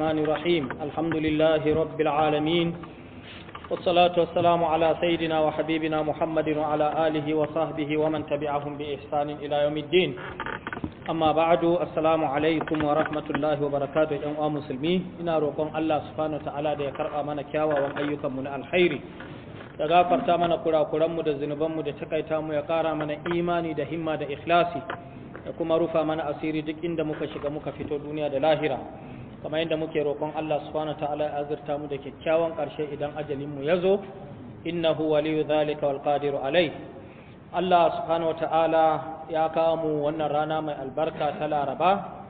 الرحمن الرحيم الحمد لله رب العالمين والصلاة والسلام على سيدنا وحبيبنا محمد وعلى آله وصحبه ومن تبعهم بإحسان إلى يوم الدين أما بعد السلام عليكم ورحمة الله وبركاته يا مسلمين إنا روكم الله سبحانه وتعالى دي كرأ من كياوة وأيكم من الحيري da gafarta mana kurakuranmu da zunubanmu da تكاي تامو ya من mana imani da himma da ikhlasi من أسيري دك إن دمك duk مك في shiga muka fito duniya kamar yadda muke roƙon Allah subhanahu ta'ala ya azurta mu da kyakkyawan ƙarshe idan ajalin mu yazo innahu waliyu zalika wal qadiru alai Allah subhanahu ta'ala ya kawo mu wannan rana mai albarka ta Laraba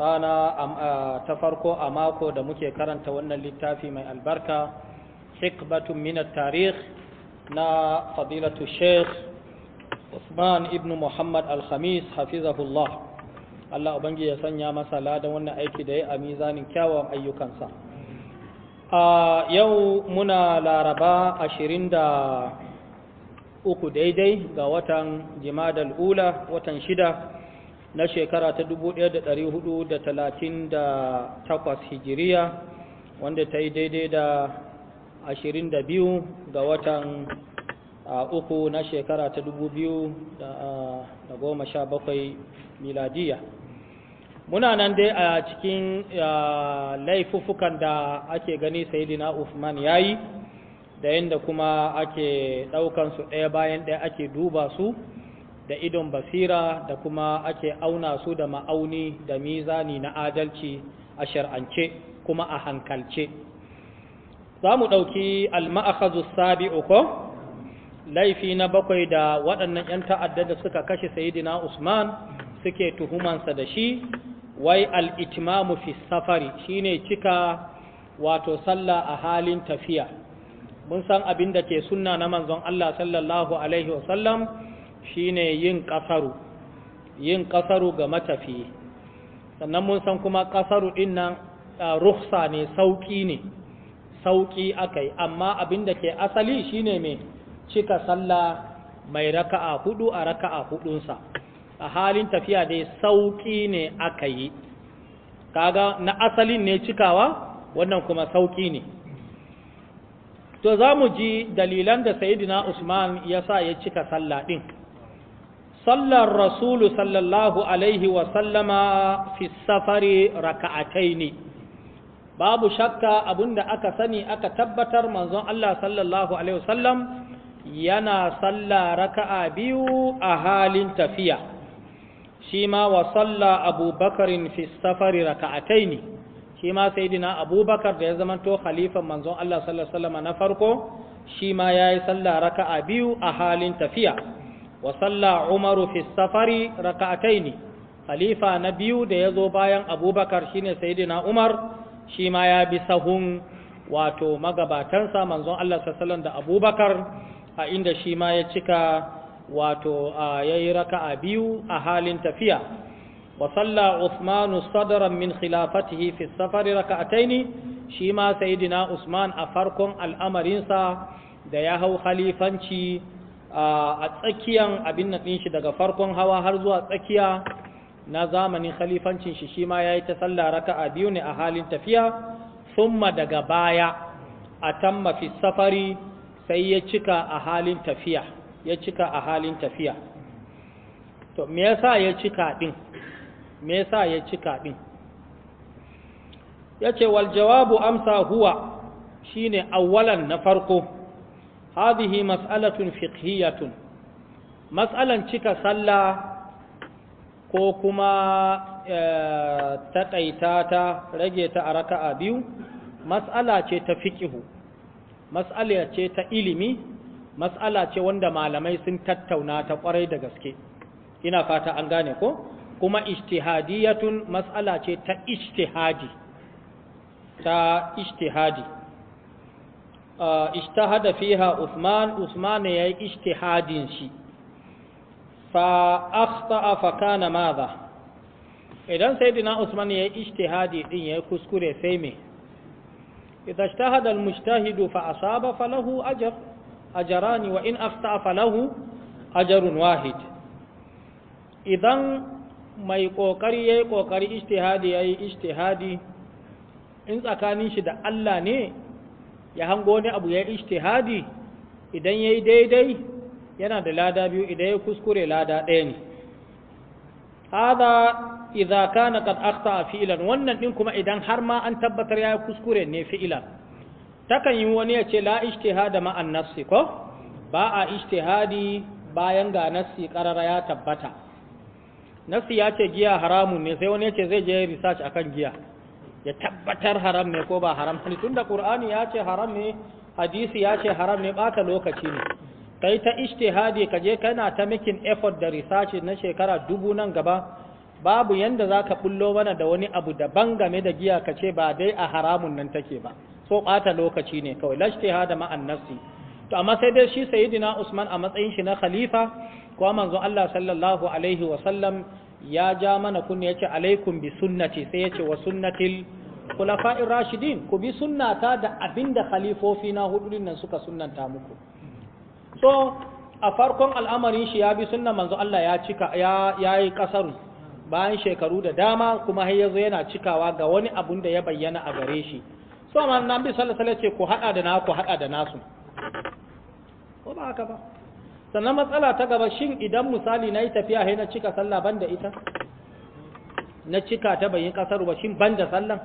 rana ta farko a mako da muke karanta wannan littafi mai albarka hikbatu min at tarikh na fadilatu sheikh Usman ibn Muhammad al-Khamis hafizahullah Allah ubangi ya sanya masa ladan wannan aiki da ya a mizanin kyawawan ayyukansa a yau muna laraba ashirin da uku daidai ga watan jimadal ula watan shida na shekara ta dubu ɗaya da da da hudu talatin takwas hijiriya wanda ta yi daidai da ashirin da biyu ga watan uku na shekara ta dubu biyu da goma sha bakwai miladiya muna nan dai a cikin laifuffukan da ake gani sayidina Uthman yayi da yadda kuma ake ɗaukan su ɗaya bayan ɗaya ake duba su da idon basira da kuma ake auna su da ma'auni da mizani na adalci a shar'ance kuma a hankalce za mu ɗauki alma'akazu sabi ko laifi na bakwai da waɗannan 'yan ta'adda da suka kashe sayidina usman suke tuhumansa da shi wai al'itimamu fi safari shine cika wato sallah a halin tafiya mun san abin da ke sunna na manzon Allah sallallahu Alaihi wasallam shine yin ƙasaru yin kasaru ga matafi sannan mun san kuma ƙasaru dinnan ruhsa ne sauƙi ne sauƙi akai amma abin da ke asali shine mai cika sallah mai raka'a hudu a raka'a hudunsa a halin tafiya dai sauƙi ne aka yi kaga na asalin ne cikawa wannan kuma sauƙi ne to za mu ji dalilan da sayidina usman ya sa ya cika sallah ɗin sallar rasulu sallallahu alaihi wasallama fi safari raka'atai ne babu shakka abinda aka sani aka tabbatar manzon Allah sallallahu alaihi wasallam yana sallah raka'a biyu a halin tafiya shi ma wa salla abubakarin fi safari raka'atai ne shi ma sai dina abubakar da ya zamanto khalifan manzon Allah sallallahu na farko shi ma ya yi salla raka'a biyu a halin tafiya wa salla umaru fi safari raka'atai ne khalifa na biyu da ya zo bayan abubakar shine saidina umar shi ma ya bi sahun wato magabatansa manzon Allah sallallahu da abubakar a inda shi ma ya cika wato raka raka'a biyu a halin tafiya wa salla Uthman min khilafatihi fi safari raka'ataini shi ma sayyidina Usman a farkon al'amarinsa da ya hau khalifanci a tsakiyan abin nan shi daga farkon hawa har zuwa tsakiya na zamanin khalifancin shi shi ma yayi ta salla raka'a biyu ne a halin tafiya summa daga baya a fi safari sai ya cika a halin tafiya ya cika a halin tafiya to me yasa ya cika din me yasa ya cika din yace wal jawabu amsa huwa shine awwalan na farko hadhihi mas'alatun fiqhiyatun mas'alan cika sallah ko kuma eh, taƙaita ta rage ta a raka'a biyu mas'ala ce ta fiqhu mas'ala ce ta ilimi matsala ce wanda malamai sun tattauna ta kwarai da gaske ina fata an gane ko kuma ijtihadiyatun matsala ce ta ijtihadi ta ijtihadi uh, ijtahada fiha Usman Usman ya yi ijtihadin shi fa akhta fa kana madha idan sayyidina Usman ya yayi ijtihadi din yayi kuskure sai me idza ijtahada al-mujtahidu fa asaba falahu ajr ajarani wa in afta falahu ajarun wahid idan mai ƙoƙari ya yi ƙoƙari yayi ya in tsakanin shi da Allah ne ya hango wani abu ya yi ishtihadi idan ya yi daidai yana da lada biyu idan ya kuskure lada ɗaya ne hada idza kana qad akhta fi'lan wannan din kuma idan har ma an tabbatar ya kuskure ne fi'lan takan yi wani ya ce la ishtihada ma'an nafsi ko ba a ishtihadi bayan ga nafsi karara ya tabbata nafsi ya ce giya haramun ne sai wani ya ce zai je research akan giya ya tabbatar haram ne ko ba haram ne tunda qur'ani ya ce haram ne hadisi ya ce haram ne bata lokaci ne kai ta ishtihadi ka je kana ta making effort da research na shekara dubu nan gaba babu yanda zaka bullo mana da wani abu daban game da giya ka ce ba dai a haramun nan take ba so ɓata lokaci ne kawai lashte ha da ma'an nafsi to amma sai dai shi sayidina usman a matsayin shi na khalifa kuma manzon Allah sallallahu alaihi wa sallam ya ja mana ya yace alaikum bi sunnati sai yace wa sunnatil khulafa'ir rashidin ku bi sunnata da abinda khalifofi na hudu nan suka sunnanta muku so a farkon al'amarin shi ya bi sunna manzo Allah ya cika ya yayi kasaru bayan shekaru da dama kuma har yazo yana cikawa ga wani abun da ya bayyana a gare shi to amma bi sallallahu alaihi ce ku hada da naku hada da nasu ko ba haka ba sannan matsala ta gaba shin idan misali na yi tafiya sai na cika sallah banda ita na cika ta bayin kasar ba shin banda sallan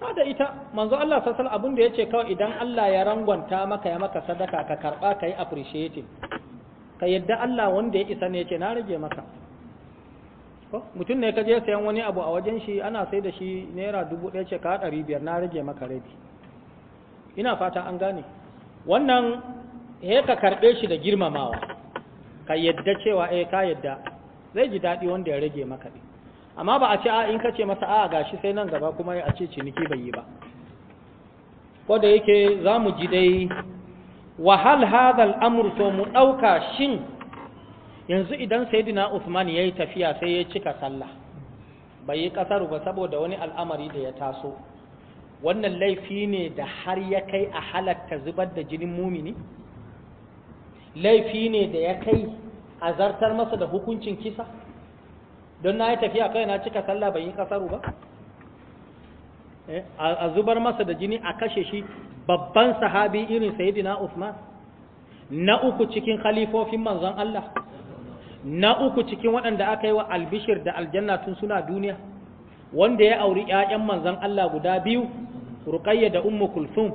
ba da ita manzo Allah sallallahu alaihi abin da ya ce kawai idan Allah ya rangwanta maka ya maka sadaka ka karɓa karba kai appreciating ka yadda Allah wanda ya isa ne yace na rage maka mutum ne ka je sayan wani abu a wajen shi ana sai da shi naira dubu ɗaya ce ka ɗari biyar na rage maka rabi ina fata an gane wannan he ka karɓe shi da girmamawa ka yadda cewa eh ka yadda zai ji daɗi wanda ya rage maka ɗin amma ba a ce a ah, in ka ce masa a ah, ga shi sai nan gaba kuma a ce ciniki bai yi ba ko da yake za mu ji dai wahal hadal amur to mu ɗauka shin yanzu idan sayyidina Uthman yayi tafiya sai ya cika sallah bai yi kasaru ba saboda wani al'amari da ya taso wannan laifi ne da har ya kai a halatta zubar da jinin mumini laifi ne da ya kai a zartar masa da hukuncin kisa don na yi tafiya kai na cika sallah bai yi kasaru ba eh, a zubar masa da jini a kashe shi babban sahabi irin Sayyidina Usman na uku cikin khalifofin manzon Allah na uku cikin waɗanda aka yi wa albishir da aljanna tun suna duniya wanda ya auri ƴaƴan manzan Allah guda biyu ruƙayya da ummu Kulfun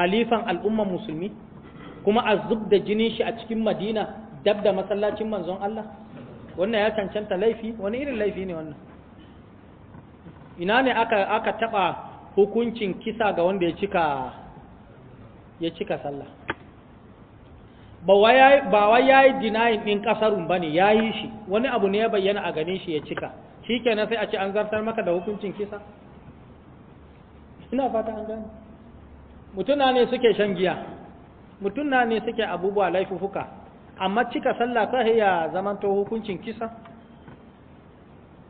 halifan al'umman musulmi kuma a da jini shi a cikin madina dab da masallacin manzon Allah wannan ya cancanta laifi wani irin laifi ne wannan ina ne aka aka taɓa hukuncin kisa ga wanda ya cika ya cika sallah ba wai ya yi dinayin ɗin ƙasarun ba ne ya yi shi wani abu ne ya bayyana a ganin shi ya cika shi kenan sai a ce an zartar maka da hukuncin kisa ina fata an gane mutuna ne suke shan giya mutuna ne suke abubuwa laifufuka amma cika sallah ta ya to hukuncin kisa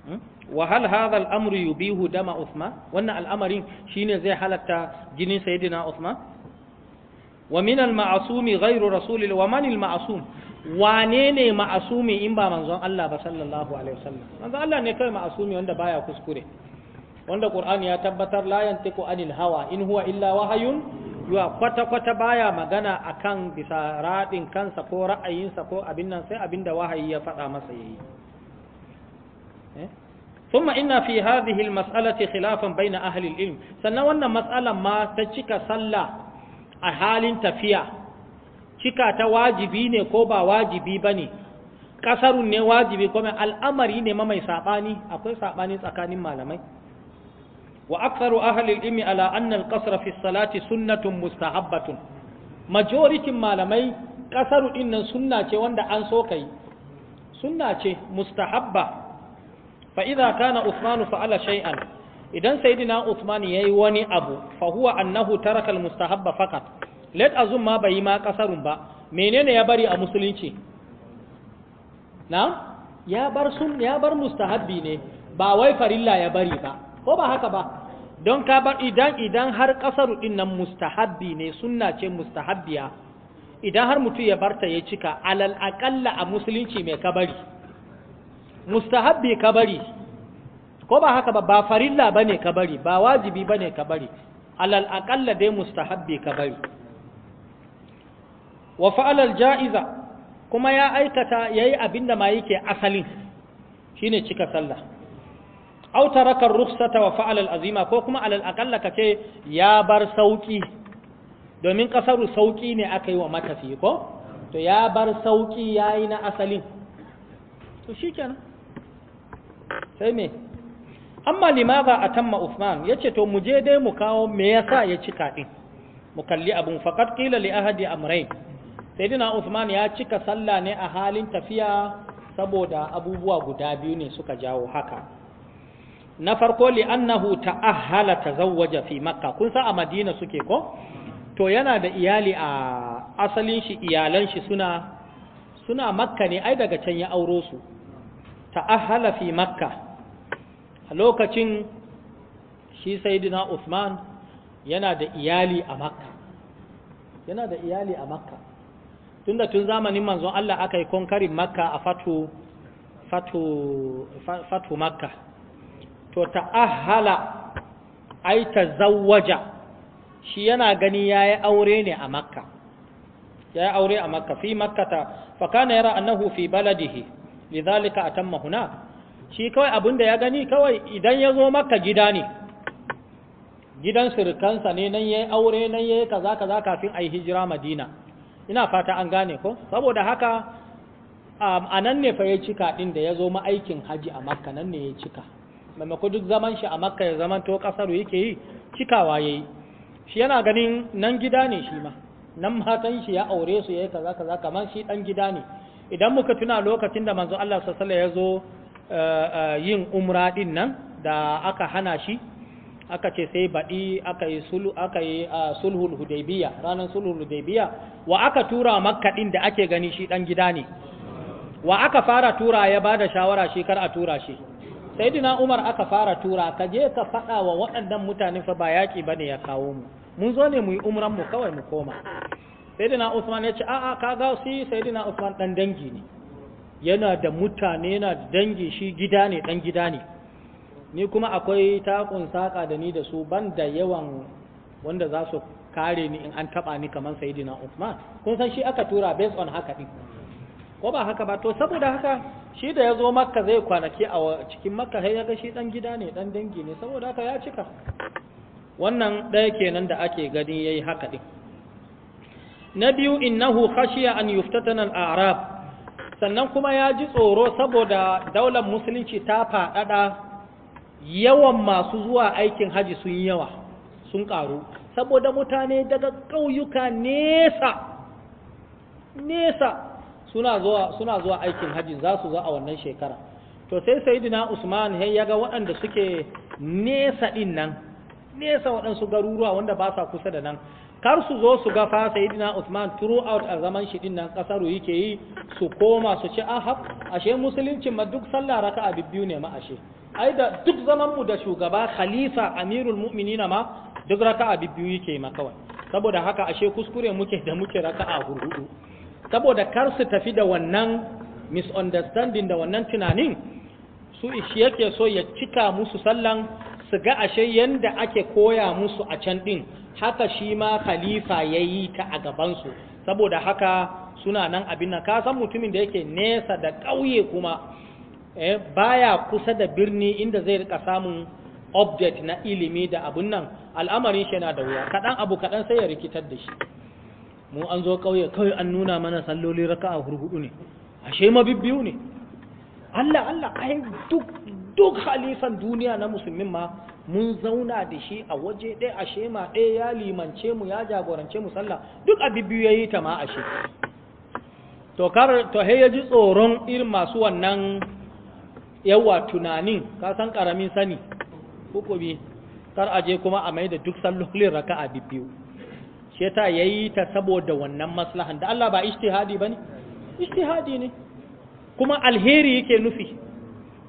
hmm? wa hal hadha al-amru yubihu dama Usman, wannan al'amarin shine zai halatta jinin sayyidina Usman. wa ma'asumi al-ma'sumi ghairu rasulil wa man al wane ne ma'asumi in ba manzon Allah ba sallallahu alaihi wasallam manzon Allah ne kai ma'asumi wanda baya kuskure wanda Qur'ani ya tabbatar la yantiqu anil hawa in huwa illa wahayun yuwa kwata kwata baya magana akan bisa radin kansa ko ra'ayinsa ko abin nan sai abinda wahayi ya faɗa masa yayi ثم إن في هذه المسألة خلافا بين أهل العلم سنة مسألة ما تشك صلى a halin tafiya cika ta wajibi ne ko ba wajibi ba ne ƙasarun ne wajibi ko al'amari ne ma mai saɓani akwai saɓani tsakanin malamai wa aksaru ahalil ilmi ala annal qasra fi salati sunnatun mustahabbatun majoritin malamai ƙasaru din nan sunna ce wanda an so kai sunna ce mustahabba fa idza kana usmanu fa'ala shay'an idan sayyidina Uthman yayi wani abu fa huwa annahu taraka mustahabba faqat let azum ma bai ma kasarun ba menene ya bari a musulunci na ya bar sun ya bar mustahabbi ne ba wai farilla ya bari ba ko ba haka ba don ka bar idan idan har kasaru din nan mustahabbi ne sunna ce mustahabbiya idan har mutum ya barta ya cika alal aqalla a musulunci mai kabari mustahabbi kabari ko ba haka ba ba farilla bane ka bari ba wajibi bane ka bari alal aqalla dai mustahabbi ka bari wa fa'ala al ja'iza kuma ya aikata yayi abinda ma yake asalin shine cika sallah aw taraka ar-rukhsata wa fa'ala al-azima ko kuma alal aqalla kace ya bar sauki domin kasaru sauki ne aka yi wa matafi ko to ya bar sauki yayi na asalin to shikenan sai me amma limaza atamma Uthman yace to mu je dai mu kawo me yasa ya cika din mu kalli abun faqat qila li ahadi amrayn sayyidina Usman ya cika sallah ne a halin tafiya saboda abubuwa guda biyu ne suka jawo haka na farko li annahu ta'ahhala tazawwaja fi makka kun sa a madina suke ko to yana da iyali a asalin shi iyalan shi suna suna makka ne ai daga can ya auro su ta'ahhala fi makka a lokacin shi saidina Usman yana da iyali a makka yana da iyali a makka tun tun zamanin manzon Allah aka yi konkarin makka a fatu fatu fatu makka to ta'ahala ai tazawwaja shi yana gani yayi aure ne a makka yayi aure a makka fi Makka ta, fa kana yara annahu fi baladihi lidhalika atamma hunaka shi kawai abin da ya gani kawai idan ya zo maka gida ne gidan surukansa ne nan ya yi aure nan ya yi kaza kaza kafin a yi hijira madina ina fata an gane ko saboda haka a nan ne fa ya cika ɗin da ya zo ma'aikin haji a makka nan ne ya cika maimako duk zaman shi a makka ya zaman to ƙasar yake yi cikawa ya yi shi yana ganin nan gida ne shi ma nan matan shi ya aure su ya yi kaza kaza kamar shi ɗan gida ne idan muka tuna lokacin da manzo Allah sallallahu alaihi ya zo Eh, eh, yin umra din nan da aka hana shi aka ce sai baɗi aka yi eh, sulhul hudaybiya ranar sulhul hudaybiya wa aka tura makka din da ake gani shi ɗan gida ne wa aka fara tura ya ba da shawara shi kar a tura shi saidina umar aka fara tura ka je ka faɗa wa waɗannan mutane fa ba yaki ba ne ya kawo mu mun zo ne mu yi umran mu kawai mu koma dina usman ya ce a'a ka ga sai saidina usman ɗan dangi ne yana da mutane yana da dangi shi gida ne dan gida ne ni kuma akwai takun saka da ni da su ban yawan wanda za su kare ni in an taba ni kamar sayidina Uthman kun san shi aka tura based on haka din ko ba haka ba to saboda haka shi da ya makka zai kwanaki a cikin makka sai ya ga shi dan gida ne dan dangi ne saboda haka ya cika wannan ɗaya kenan da ake gani yayi haka din na biyu innahu khashiya an yuftatana al-a'rab sannan kuma ya ji tsoro saboda daular musulunci ta faɗaɗa yawan masu zuwa aikin haji sun yawa sun ƙaru saboda mutane daga ƙauyuka nesa suna zuwa aikin haji za su zo a wannan shekara to sai sayyidina Usman ya ga waɗanda suke nesa din nan nesa waɗansu garuruwa wanda ba sa kusa da nan kar su zo su ga fa sayyidina Usman throughout a zaman shi dinnan kasaru yake yi su koma su ci ahab ashe musulunci ma duk sallah raka'a bibbiyu ne ma ashe ai da duk zaman mu da shugaba khalifa amirul mu'minina ma duk raka'a bibbiyu yake ma kawai saboda haka ashe kuskure muke da muke raka'a hurhudu saboda kar su tafi da wannan misunderstanding da wannan tunanin su ishi yake so ya cika musu sallan su ga ashe yanda ake koya musu a can ɗin haka shi ma khalifa ya yi ta a gabansu saboda haka suna nan abin nan ka san mutumin da yake nesa da ƙauye kuma eh, baya kusa da birni inda zai rika samun update na ilimi da abun nan al'amarin shi yana da wuya kaɗan abu kaɗan sai ya rikitar da shi mu an zo ƙauye kawai an nuna mana salloli raka'a hurhudu ne ashe mabibbiyu ne Allah Allah ai duk duk halifan duniya na musulmin ma mun zauna da shi a waje ɗaya a shema ɗaya ya limance mu ya jagorance mu sallah duk a biyu ya yi ta ma a shi to kar to ya ji tsoron irin masu wannan yawa tunanin ka san karamin sani bi kar a kuma a mai da duk sallolin raka a biyu she ta yayi ta saboda wannan maslahan da Allah ba ijtihadi bane ijtihadi ne kuma alheri yake nufi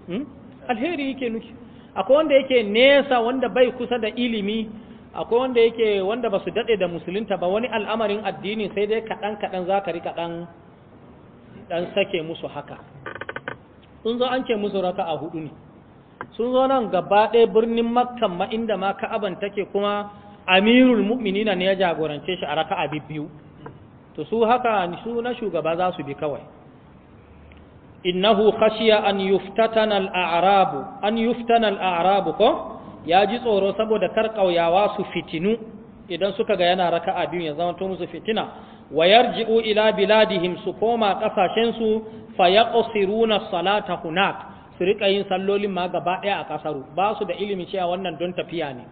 hmm? alheri yake nufi akwai wanda yake nesa wanda bai kusa da ilimi akwai wanda yake wanda ba su daɗe da musulunta ba wani al'amarin addini sai dai kaɗan kaɗan za ka rika ɗan sake musu haka sun zo an ce musu raka a hudu ne sun zo nan gaba ɗaya birnin makkan ma inda ma ka'aban take kuma amirul mu'minina ne ya jagorance shi a raka a biyu to su haka su na shugaba za su bi kawai innahu khashiya an yuftatana al-a'rabu ko ya ji tsoro saboda kar kauyawa su fitinu idan suka ga yana raka'a biyu ya zama to musu fitina wa yarji'u ila su koma kasashen su fa yaqsiruna salata hunak su rika yin sallolin ma gaba daya a kasaru ba su da ilimi cewa wannan don tafiya ne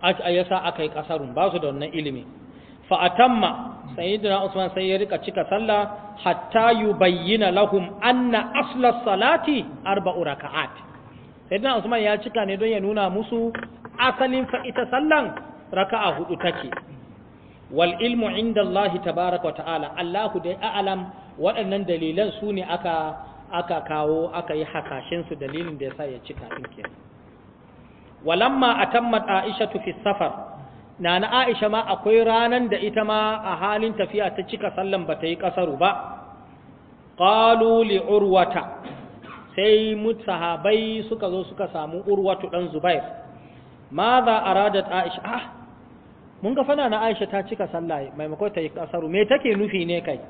a yasa akai kasarun basu da wannan ilimi fa atamma sayyidina usman sai ya rika cika sallah hatta yubayyana lahum anna asla salati arba'u raka'at sayyidina usman ya cika ne don ya nuna musu asalin fa'ita ita sallan raka'a hudu take wal ilmu inda Allah tabaraka wa ta'ala Allahu dai a'alam waɗannan dalilan su ne aka aka kawo aka yi hakashin su dalilin da yasa ya cika din kenan walamma atammat aisha tufi safar na Aisha ma akwai ranan da ita ma a halin tafiya ta cika sallan ba ta yi ƙasaru ba qalu li urwata sai sahabai suka zo suka samu urwatu dan Zubair madha aradat Aisha ah mun ga fana na Aisha ta cika sallah maimakon ta yi ƙasaru me take nufi ne kai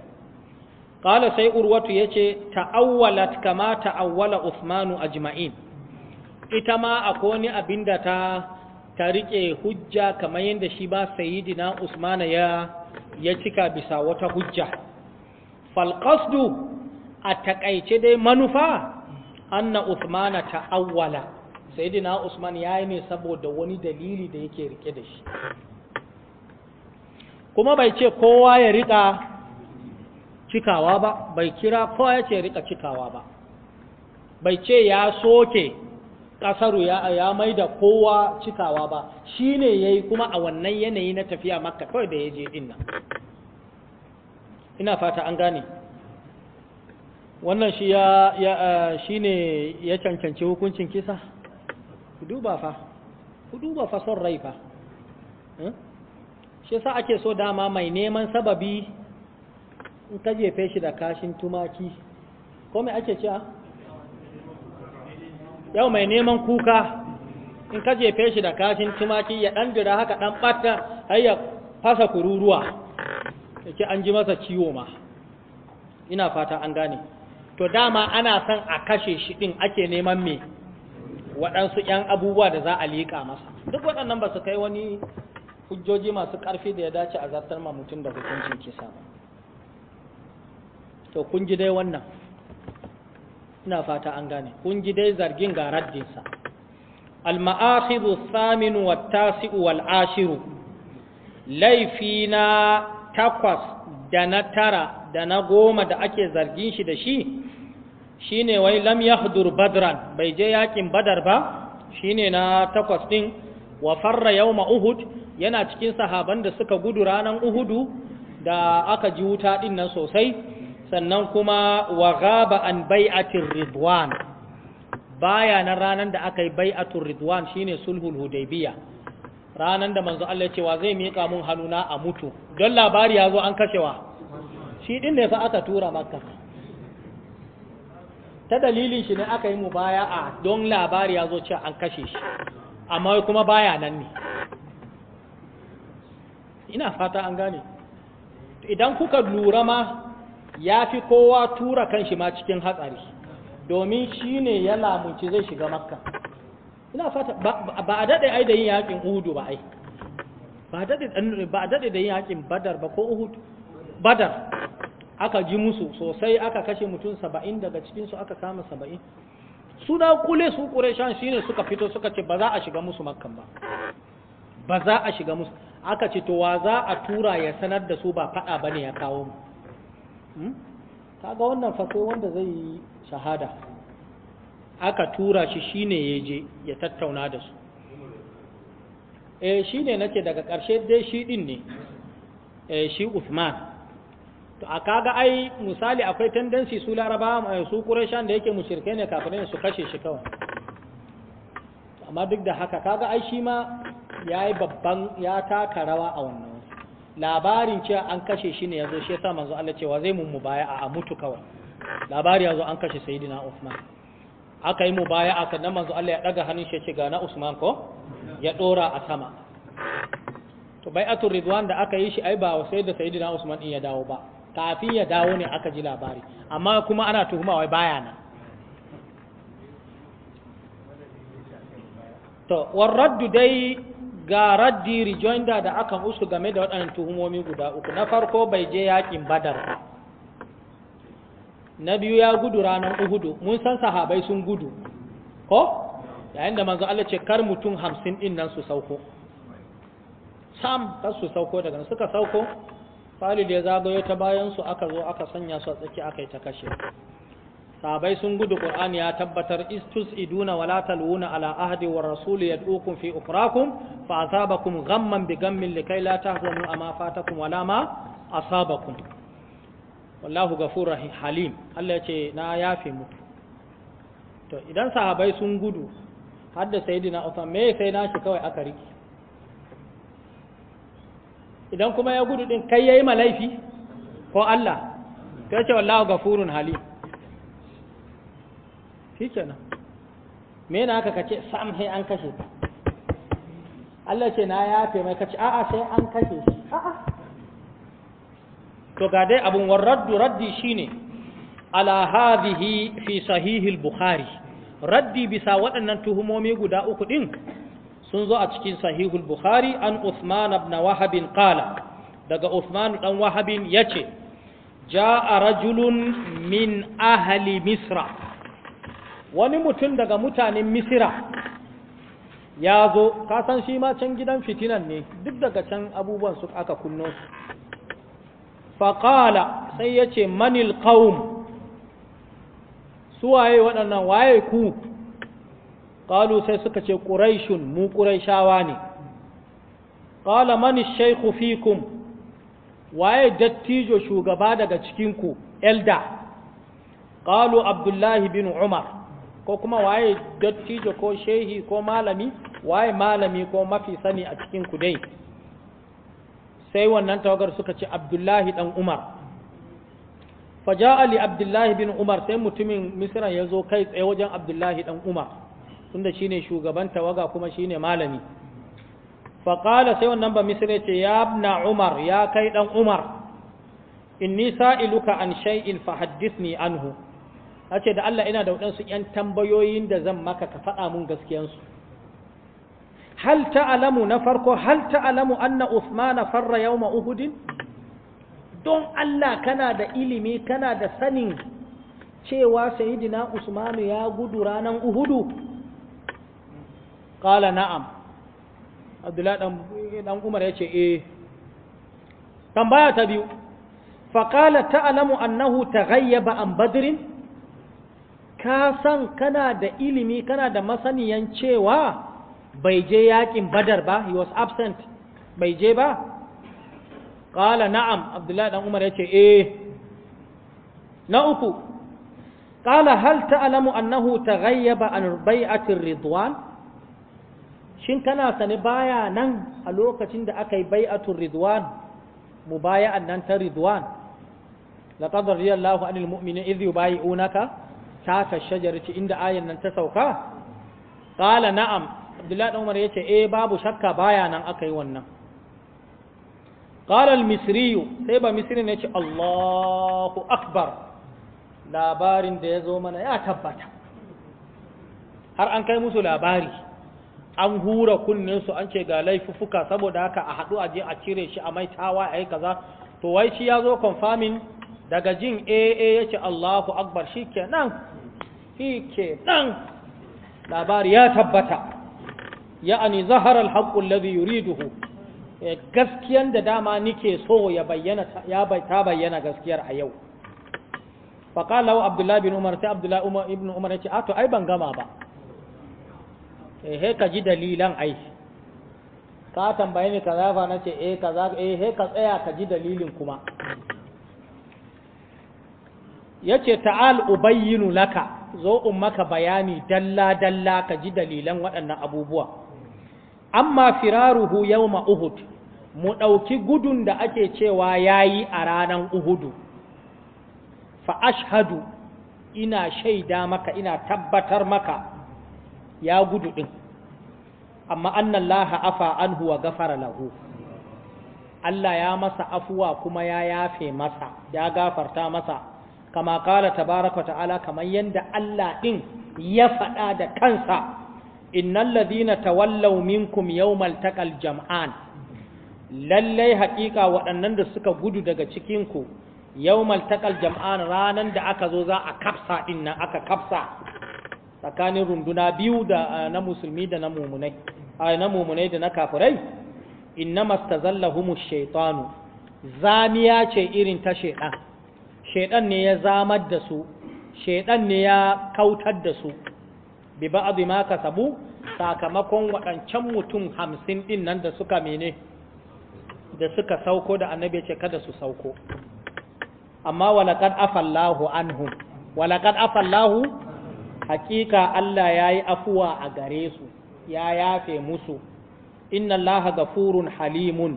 Ƙala sai Urwatu yace ce, Ta'awwalat kama ta'awwala Usmanu ajma'in, ita ma akwai wani abin da ta ta riƙe hujja kamar yadda shi ba sayidina usmana ya ya cika bisa wata hujja falqasdu a taƙaice dai manufa anna usmana ta'awwala sayidina usman yayi ne saboda wani dalili da yake riƙe da shi kuma bai ce kowa ya rika cikawa ba bai kira kowa ya ce rika cikawa ba bai ce ya soke ƙasaru ya ya mai da kowa cikawa ba shi ne ya yi kuma a wannan yanayi na tafiya makka kawai da ya je dinna ina fata an gane wannan shi ya shi ya cancanci hukuncin kisa ku duba fa ku duba fa son rai fa eh? shi sa ake so dama mai neman sababi in ka jefe shi da kashin tumaki ko mai ake cewa yau mai neman kuka in ka jefe shi da kashin tumaki ya ɗan jira haka ɗan ɓata har ya fasa kururuwa yake an ji masa ciwo ma ina fata an gane to dama ana son a kashe shi ɗin ake neman me waɗansu ‘yan abubuwa da za a liƙa masa duk waɗannan ba su kai wani hujjoji masu ƙarfi da ya dace a zartar ma mutum da hukuncin kisa to kun ji dai wannan ina fata an gane kun ji dai zargin ga raddinsa al-ma'akhidhu thaminu wa tasi'u wal ashiru laifi na takwas da na tara da na goma da ake zargin shi da shi shine wai lam yahdur badran bai je yakin badar ba shine na takwas din wa farra yawma uhud yana cikin sahaban da suka gudu ranan uhudu da aka ji wuta din nan sosai sannan kuma wa gaba an bai'atir ridwan baya nan ranar da aka yi bai'atur ridwan shine sulhul hudaybiya ranar da manzo Allah ya ce wa zai miƙa mun hanuna a mutu don labari ya zo an kashewa shi din ne fa aka tura makka ta dalilin shi ne aka yi mu baya a don labari ya zo ce an kashe shi amma kuma baya nan ne ina fata an gane idan kuka lura ma ya fi kowa tura kanshi ma cikin hatsari domin shi ne ya lamunci zai shiga makka ina fata ba a daɗe ai da yin yaƙin uhudu ba ai ba a daɗe da yin yaƙin badar ba ko uhudu badar aka ji musu sosai aka kashe mutum saba'in daga cikinsu aka kama saba'in suna kule su shan shi ne suka fito suka ce ba za a shiga musu makkan ba ba za a shiga musu aka ce to wa za a tura ya sanar da su ba faɗa ba ne ya kawo mu Hmm? kaga wannan fa sai wanda zai yi shahada aka tura shi shine ya je ya tattauna da su eh shine nake daga ƙarshe dai shi din ne eh shi Uthman to a kaga ai misali akwai tendency su Laraba eh, su Quraishan da yake mushrike ne kafin su kashe shi kawai amma duk da haka kaga ai shi ma yayi babban ya taka rawa a wannan labarin cewa an kashe shi ne yazo shi yasa manzo Allah cewa zai mu mubaya'a a mutu kawai labari yazo an kashe sayyidina Usman aka yi mubaya'a sannan manzo Allah ya daga hannun shi ya ce ga na Usman ko ya dora a sama to bai'atul ridwan da aka yi shi ai ba sai da sayyidina Usman din ya dawo ba kafin ya dawo ne aka ji labari amma kuma ana tuhuma wai baya na. to raddu dai ga raddi rejoinder da aka musu game da waɗannan tuhumomi guda uku na farko bai je yakin badar na biyu ya gudu ranar uhudu mun san sahabai sun gudu ko yayin da manzo Allah ce kar mutum hamsin din nan su sauko sam kar su sauko daga suka sauko Khalid ya zagayo ta bayan su aka zo aka sanya su a tsaki aka yi ta kashe sabai sun gudu qur'ani ya tabbatar istus iduna wala taluna ala ahdi wa rasul yad'ukum fi ukrakum fa asabakum ghamman bi ghammin likay la tahzanu ama fatakum wala ma asabakum wallahu ghafurur halim Allah yace na yafe muku to idan sahabai sun gudu har da sayyidina Uthman me sai na shi kawai aka riki idan kuma ya gudu din kai yayi malaifi ko Allah kace wallahu ghafurun halim shikenan me na haka kace sam an kashe ka Allah ce na yafe mai kace a'a sai an kashe shi a'a to ga dai abun warraddu raddi shine ala hadhihi fi sahih al-bukhari raddi bisa waɗannan tuhumomi guda uku din sun zo a cikin sahih al-bukhari an Usman ibn Wahab qala daga Usman dan Wahab yace a rajulun min ahli misra wani mutum daga mutanen misira ya zo kasan shi ma can gidan fitinan ne duk daga can abubuwan su aka kunno su faƙala sai ya ce manil Su waye waɗannan waye ku ƙalu sai suka ce ƙuraishun mu ƙuraishawa ne ƙala mani shaiku fikum waye dattijo shugaba daga cikinku elda ƙalu abdullahi bin umar ko kuma waye dattijo ko shehi ko malami waye malami ko mafi sani a cikin ku dai sai wannan tawagar suka ce abdullahi dan umar faja Ali abdullahi bin umar sai mutumin misra ya zo kai tsaye wajen abdullahi dan umar tunda shine shugaban tawaga kuma shine malami faƙala sai wannan ba misra ce ya na umar ya kai dan umar inni sa'iluka an shay'in fahaddithni anhu na ce da Allah ina da waɗansu ‘yan tambayoyin da zan maka ka faɗa mun gaskiyansu. Hal ta'alamu na farko, hal ta'alamu anna Usman farra yau Uhudin? Don Allah kana da ilimi, kana da sanin cewa Sayidina Usmanu ya gudu ranar Uhudu? Ƙala na'am. Abdullahi ɗan Umar ya ce, eh. Tambaya ta biyu, faƙala ta'alamu annahu ta gayyaba an ka san kana da ilimi kana da masaniyan cewa bai je yakin badar ba he was absent bai je ba Kala na'am abdullahi dan umar yace eh na uku kala hal ta'lamu annahu taghayyaba an bai'atir ridwan shin kana sane baya nan a lokacin da aka yi bai'atul ridwan mubaya'an nan ta ridwan laqad radiyallahu anil mu'minina idh yubay'unaka taka shajarci inda ayan nan ta sauka qala na'am abdullahi dan umar yace eh babu shakka baya nan aka yi wannan qala al sai ba misri ne yace Allahu akbar labarin da yazo mana ya tabbata har an kai musu labari an hura kunnen su an ce ga laifuffuka saboda haka a haɗu a je a cire shi a mai tawa ayi kaza to wai shi ya zo confirming daga jin AA ya ce Allahu Akbar shi ke nan shi ke nan labari ya tabbata ya ya'ani zaharar haƙƙun yuri duhu, e, gaskiyan da dama nike so ya bayyana ta bayyana gaskiyar a yau faƙalawa abdullahi bin umar sai abdullahi ibn umar ya ce ato ai ban gama ba ehe ka ji dalilan ai ka tambaye ni ka zafa na ce eh, eh he ka tsaya ka ji dalilin kuma yace ta'al ubayyinu laka zo in maka bayani dalla dalla ka ji dalilan waɗannan abubuwa amma firaruhu yawma uhud mu ɗauki gudun da ake cewa yayi a ranar uhudu fa ashhadu ina shaida maka ina tabbatar maka ya gudu din amma annan annallaha afa anhu wa gafara lahu Allah ya masa afuwa kuma ya yafe masa ya gafarta masa kama qala tabaraka wa ta'ala kamar yadda Allah din ya faɗa da kansa innal ladhina tawallaw minkum yawmal taqal jam'an lallai haƙiƙa waɗannan da suka gudu daga cikin ku yawmal taqal jam'an ranan da aka zo za a kafsa din nan aka kafsa tsakanin runduna biyu da eh, na musulmi da na mumunai a eh, na mumunai da na kafirai innamastazallahumush shaytanu zamiya ce irin ta shaytan shaidan ne ya zamar da su shaidan ne ya kautar da su bi ba'dhi ma kasabu sakamakon waɗancan mutum hamsin ɗin nan da suka mene da suka sauko da annabi ce kada su sauko amma walaqad afallahu anhum walaqad afallahu hakika Allah yayi afuwa a gare su ya yafe musu inna allaha gafurun halimun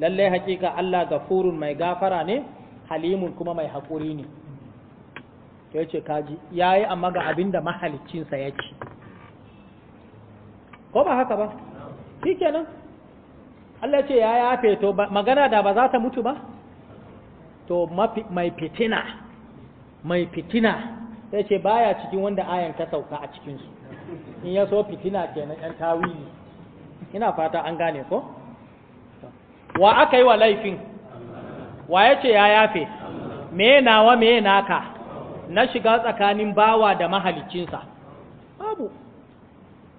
lallai hakika Allah gafurun mai gafara ne halimun kuma mai haƙuri ne ta yace kaji ya yi amma ga abin da mahalicinsa ya ci ko ba haka ba shi kenan Allah ce ya yafe to magana da ba za ta mutu ba to mai fitina mai fitina sai ce baya cikin wanda ayan ka sauka a cikinsu in ya so fitina kenan yan tawili ina fata an gane ko wa aka yi wa laifin wa ya ce ya yafe me nawa me naka na shiga tsakanin bawa da mahalicinsa babu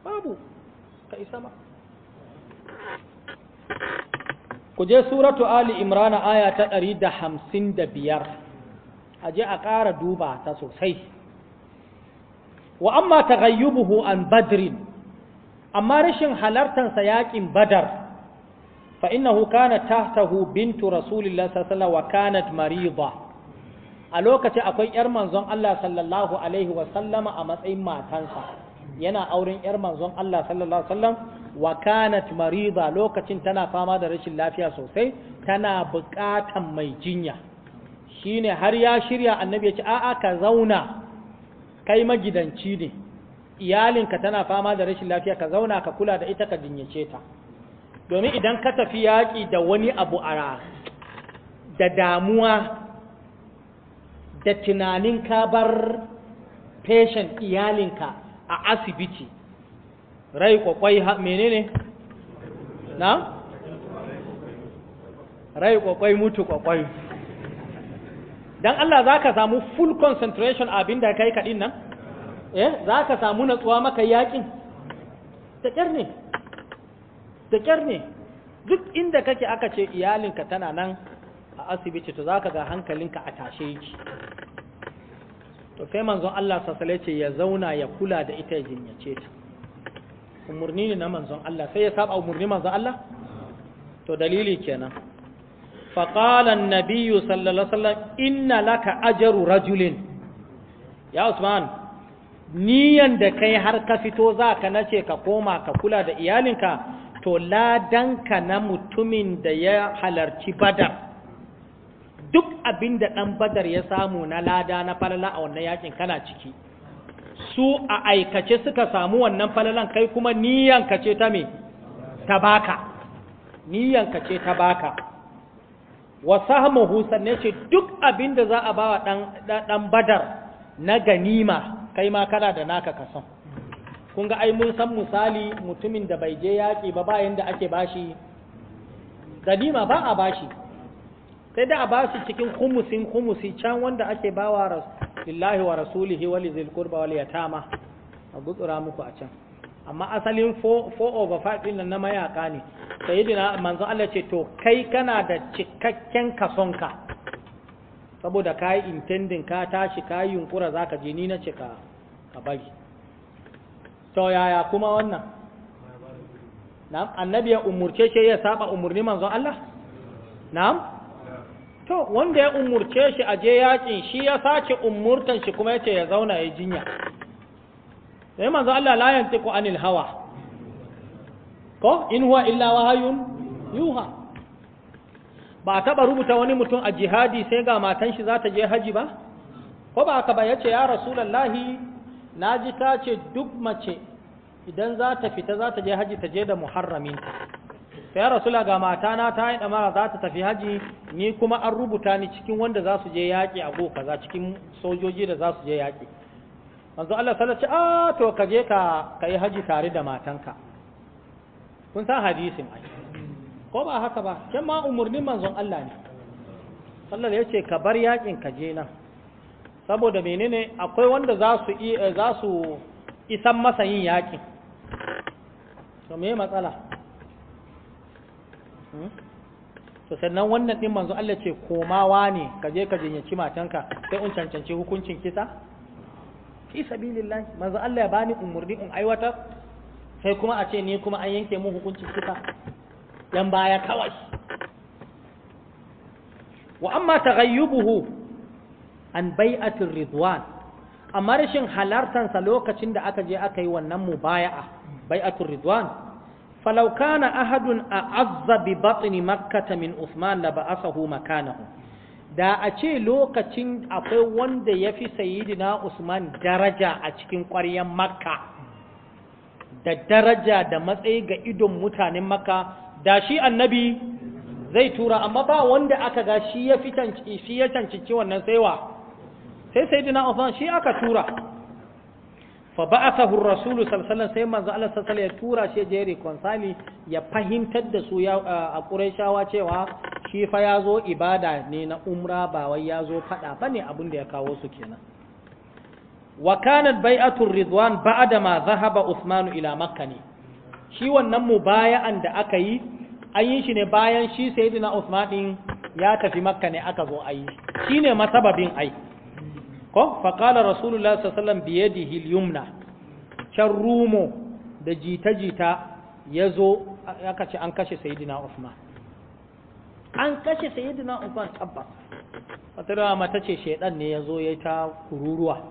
babu ka isa ma ku je suratu ali imrana aya ta 155 a je a ƙara duba ta sosai wa amma taghayyubuhu an badrin amma rashin halartansa yaƙin badar fa innahu kana bintu rasulillahi a lokacin akwai yar manzon Allah sallallahu alaihi Sallama a matsayin matansa yana auren yar manzon Allah sallallahu alaihi wa kanat marida lokacin tana fama da rashin lafiya sosai tana buƙatan mai jinya shine har ya shirya annabi ya ce a'a ka zauna kai magidanci ne iyalinka tana fama da rashin lafiya ka zauna ka kula da ita ka jinyace ta domin idan ka tafi yaƙi da wani abu a da damuwa da tunanin ka bar patient iyalinka a asibiti rai kwakwai ne? na? rai kwakwai mutu kwakwai don Allah za ka samu full concentration abin da kai kaɗin nan? eh za ka samu natsuwa maka yaƙin? da ƙyar ne da kyar ne duk inda kake aka ce iyalinka tana nan a asibiti to za ka ga hankalinka a tashe yake to sai manzon Allah sassale ce ya zauna ya kula da ita ya jinyace ta umarni ne na manzon Allah sai ya saba umarni manzon Allah to dalili kenan فقال النبي صلى الله عليه وسلم إن لك أجر رجل niyan da kai har ka fito za ka nace ka koma ka kula da iyalinka to ka na mutumin da ya halarci badar duk abin da ɗan badar ya samu na lada na falala a wannan yakin kana ciki su a aikace suka samu wannan falalan kai kuma niyanka ce ta me ta baka niyanka ce ta baka wa sahmuhu sanne ce duk abin da za a bawa ɗan badar na ganima kai ma kana da naka kason kun ga ai mun san misali mutumin da bai je yaki ba bayan da ake bashi ganima ba a bashi sai da a bashi cikin humusin humusi can wanda ake bawa lillahi wa rasulihi wa lizil qurba wal yatama a gutsura muku a can amma asalin 4 over 5 din nan na mayaka ne sayyidina manzo Allah ce to kai kana da cikakken kasonka saboda kai intending ka tashi kai yunkura zaka je ni na cika ka bari to yaya kuma wannan na'am annabi ya umurce shi ya saba umurni manzon Allah na'am to wanda ya umurce shi a je yakin shi ya sace umurtan shi kuma yace ya zauna ya jinya sai manzon Allah la yantiqu anil hawa ko in huwa illa wahayun yuha ba taɓa rubuta wani mutum a jihadi sai ga matan shi za ta je haji ba ko ba ka ba yace ya rasulullahi na ji ta ce duk mace idan za ta fita za ta je haji ta je da muharramin ta ya rasula ga matana ta yi ɗamara za ta tafi haji ni kuma an rubuta ni cikin wanda za su je yaƙi a goka za cikin sojoji da za su je yaƙi manzo Allah sallallahu alaihi a ah, to ka je ka kai haji tare da matanka kun san hadisin ai ko ba haka ba kin ma umurnin manzon Allah ne sallallahu ya ce ka bar yaƙin ka je nan saboda menene akwai wanda za su eh, isan masa yin yakin to me matsala hmm? to sannan wannan ɗin manzo Allah ce komawa ne ka je ka jinyaci matanka sai un cancanci hukuncin kisa fi sabilillah manzo Allah ya bani umurni in aiwata, sai kuma a ce ni kuma an yanke mu hukuncin kisa yan baya kawai wa amma taghayyubuhu an bai'atul ridwan amma rashin sa lokacin da aka je aka yi wannan mubaya'a bai'atul ridwan falau kana ahadun a azza bi batni makkata min usman la ba'asahu makanahu da a ce lokacin akwai wanda ya fi sayidina usman daraja a cikin kwaryan makka da daraja da matsayi ga idon mutanen makka da shi annabi zai tura amma ba wanda aka ga shi ya fi shi ya wannan saiwa sai dina Osman shi aka tura fa ba'athahu ar-rasul sallallahu alaihi sai manzo ya tura shi je reconcile ya fahimtar da su ya a Qurayshawa cewa shi fa yazo ibada ne na umra ba wai yazo fada bane abin da ya kawo su kenan wa kanat bai'atu ridwan ba'da ma zahaba Uthman ila Makkah ne shi wannan mubaya'an da aka yi an yi shi ne bayan shi sayyidina Uthman din ya tafi Makka ne aka zo ayi shine masababin ai ko faƙala rasulullah sallallahu biyadihi yumna can rumo da jita-jita ya zo aka ce an kashe sayidina Usman an kashe sayidina Usman tabbas wata rana mata ce shaidan ne ya zo ya ta kururuwa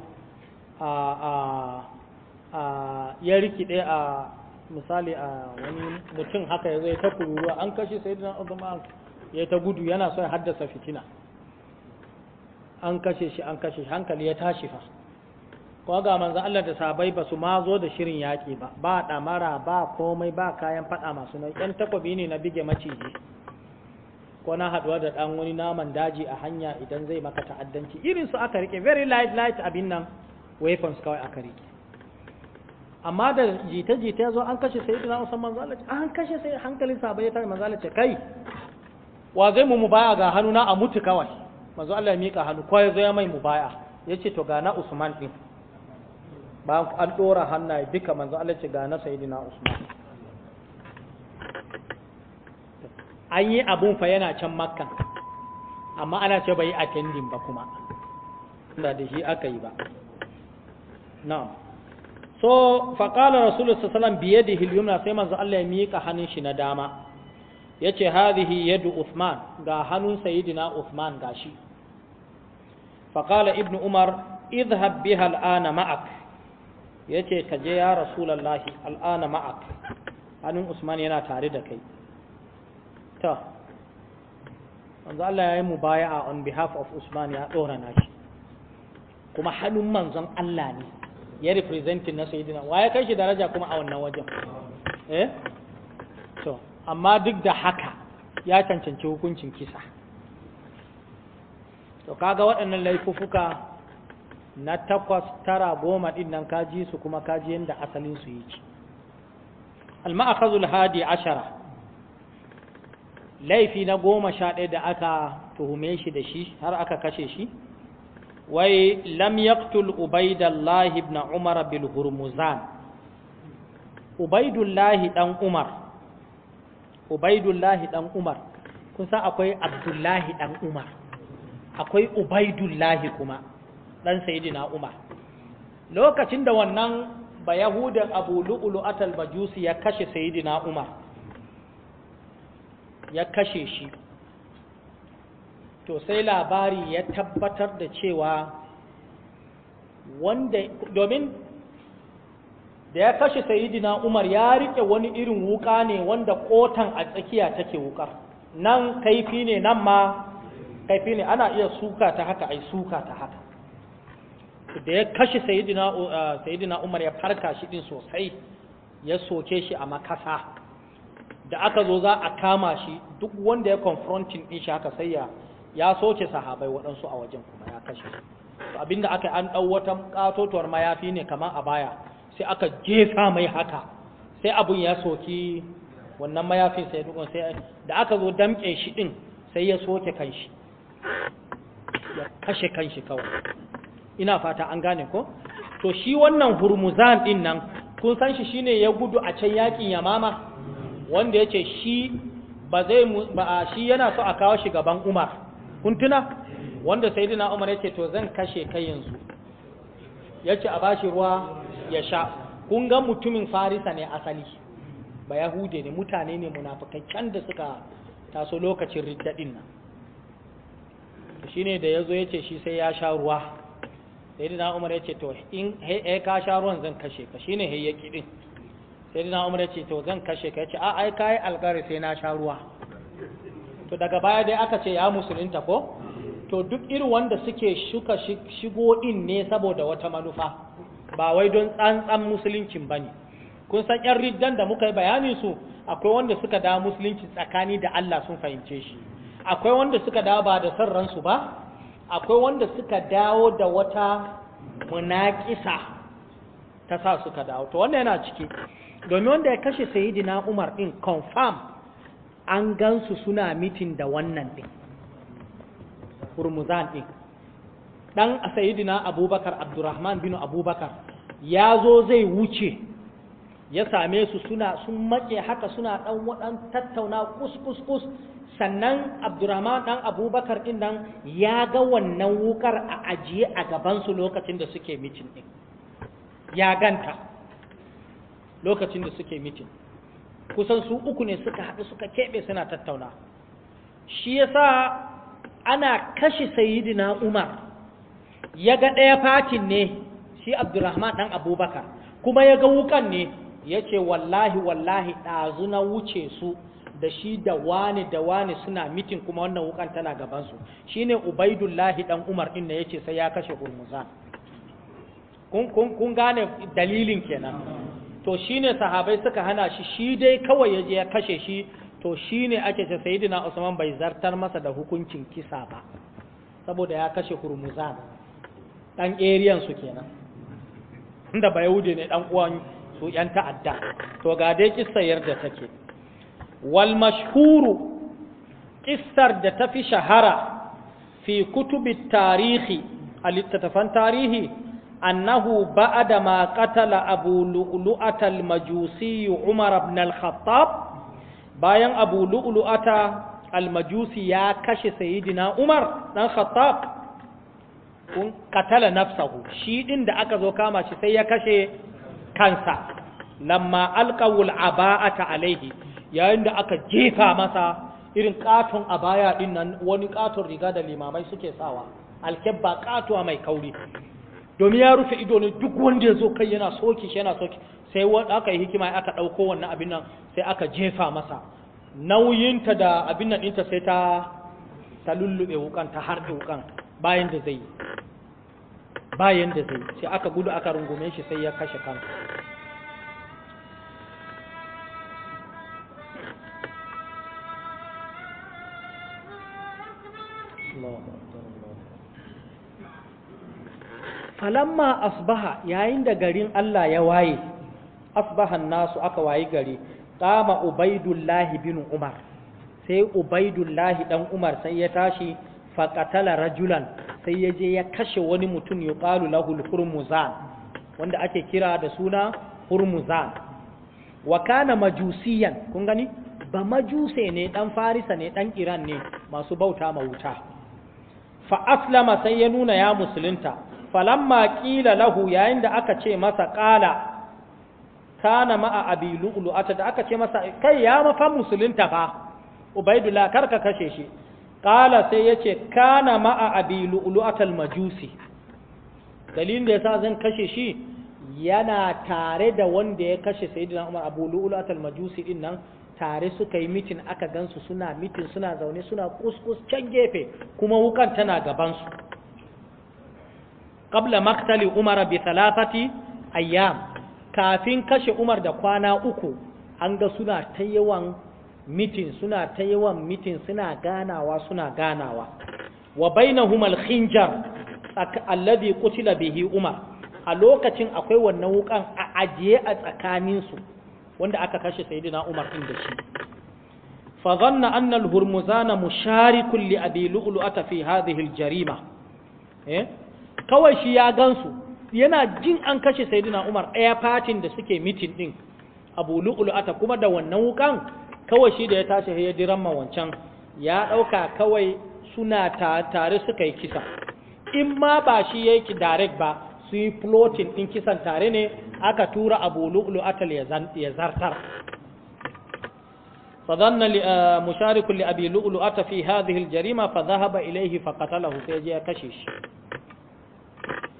a ya rikide a misali a wani mutum haka ya zo ya ta kururuwa an kashe sayidina Usman ya ta gudu yana so ya haddasa fitina an kashe shi an kashe shi hankali ya tashi fa ko ga manzo Allah da sabai ba su ma zo da shirin yaƙi ba ba damara ba komai ba kayan fada masu nan ɗan takobi ne na bige maciji ko na haduwa da dan wani naman daji a hanya idan zai maka ta'addanci irin su aka rike very light light abin nan weapons kawai aka rike amma da jita-jita ya zo an kashe sayyidina Usman manzo an kashe sai hankalin sabai ya tashi manzo Allah ce kai wa zai mu mu baya ga hannuna a mutu kawai manzo Allah ya mika hannu ko ya zo ya mai mubaya yace to gana Usman din ba an dora hannaye duka manzo Allah ce gana sayyidina Usman an yi abun fa yana can makka amma ana ce bai attending ba kuma da da shi aka yi ba na'am so qala rasulullahi sallallahu alaihi wasallam bi yadihi yumna sai manzo Allah ya mika hannun shi na dama ya ce hadhihi yadu Uthman ga hannun sayidina Uthman gashi فقال ابن عمر اذهب بها الآن معك يتي كجي يا al'ana الله hannun Usman yana tare da kai تا manzo Allah ya yi mubaya'a on behalf of Usman ya dora nashi kuma hannun manzon Allah ne ya representing na sayyidina wa ya kai shi daraja kuma a wannan wajen eh to amma duk da haka ya cancanci hukuncin kisa to kaga waɗannan laifuka na takwas tara goma ɗin nan kaji su kuma kaji yadda asalin su ci al hadi ashara laifi na goma sha ɗaya da aka tuhume shi da shi har aka kashe shi wai lam yaqtul ubaidallahi ibn umar bil hurmuzan ubaidullahi dan umar ubaidullahi dan umar kun akwai abdullahi dan umar akwai ubaidullahi kuma ɗan sayidina umar lokacin da wannan ba yahudan abu lu'ulu atal bajusi ya kashe sayidina umar ya kashe shi to sai labari ya tabbatar da cewa wanda domin da ya kashe sayidina umar ya rike wani irin wuka ne wanda kotan a tsakiya take wukar nan kaifi ne nan ma kaifi ne ana iya suka ta haka ai suka ta haka da ya kashe sayidina uh, umar ya farka shi din sosai ya soke shi a makasa da aka zo za a kama shi duk wanda ya confronting din shi haka sai ya ya soke sahabai waɗansu a wajen kuma ya kashe su abinda aka an dau wata ƙatotuwar mayafi ne kamar a baya sai aka jefa mai haka sai abun ya soki wannan mayafin sai dukkan sai da aka zo damƙe shi ɗin sai ya soke kan shi ya kashe kanshi kawai ina fata an gane ko to shi wannan hurmuzan din nan kun san shi shine ya gudu a can yakin yamama wanda yace shi ba zai ba shi yana so a kawo shi gaban Umar kun tuna wanda sayyidina Umar yace to zan kashe kai yanzu yace a bashi ruwa ya sha kun ga mutumin Farisa ne asali ba Yahude ne mutane ne munafikai can da suka taso lokacin riddadin nan ne da ya yace shi sai ya sha ruwa dina Umar ce to in ka sha ruwan zan kashe ka shine ne hayyaki din dina Umar yace to zan kashe ka yace a ai yi alkari sai na sha ruwa to daga baya dai aka ce ya musulunta ko to duk irin wanda suke shuka shigo din ne saboda wata manufa ba wai don tsantsan musuluncin ne. kun san yan riddan da muka yi bayanin su akwai wanda suka da musulunci tsakani da Allah sun fahimce shi akwai wanda suka dawo ba da son ransu ba akwai wanda suka dawo da wata munaƙisa ta sa suka dawo to wannan yana ciki domin wanda ya kashe sayidina umar din confirm an gansu suna mitin da wannan din hurmuzan din dan sayidina abubakar abdurrahman bin abubakar ya zo zai wuce ya same su suna sun make haka suna ɗan waɗan tattauna kus kus kus sannan abdurrahman dan abubakar din nan ya ga wannan wukar a ajiye a gabansu lokacin da suke mitin din ya ganta lokacin da suke mitin kusan su uku ne suka haɗu suka keɓe suna tattauna shi yasa ana kashe Sayyidina umar ya ga ɗaya fatin ne shi abdurrahman dan abubakar kuma ya ga wukan ne ya ce wallahi wallahi ɗazu na wuce su da shi da wani da wani suna mitin kuma wannan wukan tana gabansu shine ubaidullahi dan umar din ne yace sai ya kashe hurmuzan kun kun kun gane dalilin kenan to shine sahabai suka hana shi shi dai kawai yaje ya kashe shi to shine ake ce sayyidina usman bai zartar masa da hukuncin kisa ba saboda ya kashe hurmuzan dan ariyan su kenan inda bayaude ne dan uwan su yan ta'adda to ga dai kissa da take wal mashhuru ƙistar da ta fi shahara fi kutubi tarihi a littattafan tarihi annahu ba'adama katala qatala abu lu'lu'ata al-majusi umar ibn khattab bayan abu lu'lu'ata al-majusi ya kashe sayyidina umar dan khattab kun qatala nafsahu shi ɗin da aka zo kama shi sai ya kashe kansa lamma alqawul aba'ata alaihi yayin da aka jefa masa irin katon a baya din nan wani katon riga da limamai suke sawa alkebba katuwa mai kauri domin ya rufe ido ne duk wanda ya zo kai yana soki shi yana soki sai aka yi hikima aka ɗauko wannan abin nan sai aka jefa masa nauyinta da abin nan ɗinta sai ta ta lullube wukan ta harɗe wukan bayan da zai bayan da zai sai aka gudu aka rungume shi sai ya kashe kansa falamma asbaha yayin da garin Allah ya waye asbahan nasu aka waye gari qama ubaidullahi bin umar sai ubaidullahi dan umar sai ya tashi faqatala rajulan sai ya je ya kashe wani mutum yuqalu lahu al-hurmuzan wanda ake kira da suna hurmuzan wa kana majusiyan kun gani ba majuse ne dan farisa ne dan iran ne masu bauta ma wuta fa aslama sai ya nuna ya musulunta falamma ƙila lahu yayin da aka ce masa ƙala kana ma'a abi lu'lu'ata da aka ce masa kai ya mafa musulunta fa ubaidullah karka kashe shi ƙala sai yace ce kana ma'a abi atal majusi dalilin da yasa zan kashe shi yana tare da wanda ya kashe sayyidina umar abu atal majusi din nan tare suka yi mitin aka gansu suna mitin suna zaune suna kuskus can gefe kuma wukan tana gabansu qabla maqtali umar bi thalathati ayyam kafin kashe umar da kwana uku an ga suna ta yawan mitin suna ta yawan mitin suna ganawa suna ganawa wa bainahum al-khinjar alladhi qutila bihi umar a lokacin akwai wannan wukan a ajiye a tsakanin su wanda aka kashe sayyidina umar din da shi fa dhanna anna al hurmuzana musharikun li abi lu'lu'ata fi hadhihi al-jarima eh kawai shi ya gansu yana jin an kashe sayyidina Umar ɗaya fatin da suke mitin ɗin, Abu ata. kuma da wannan wukan kawai shi da ya tashi ya diran ma wancan ya ɗauka kawai suna tare suka yi kisa in ma ba shi ya yi direct ba su yi floating ɗin kisan tare ne aka tura abu lu'ulu ata ya zartar فظن مشارك لأبي لؤلؤة في هذه ata fi إليه aljarima fa dhahaba ya kashe shi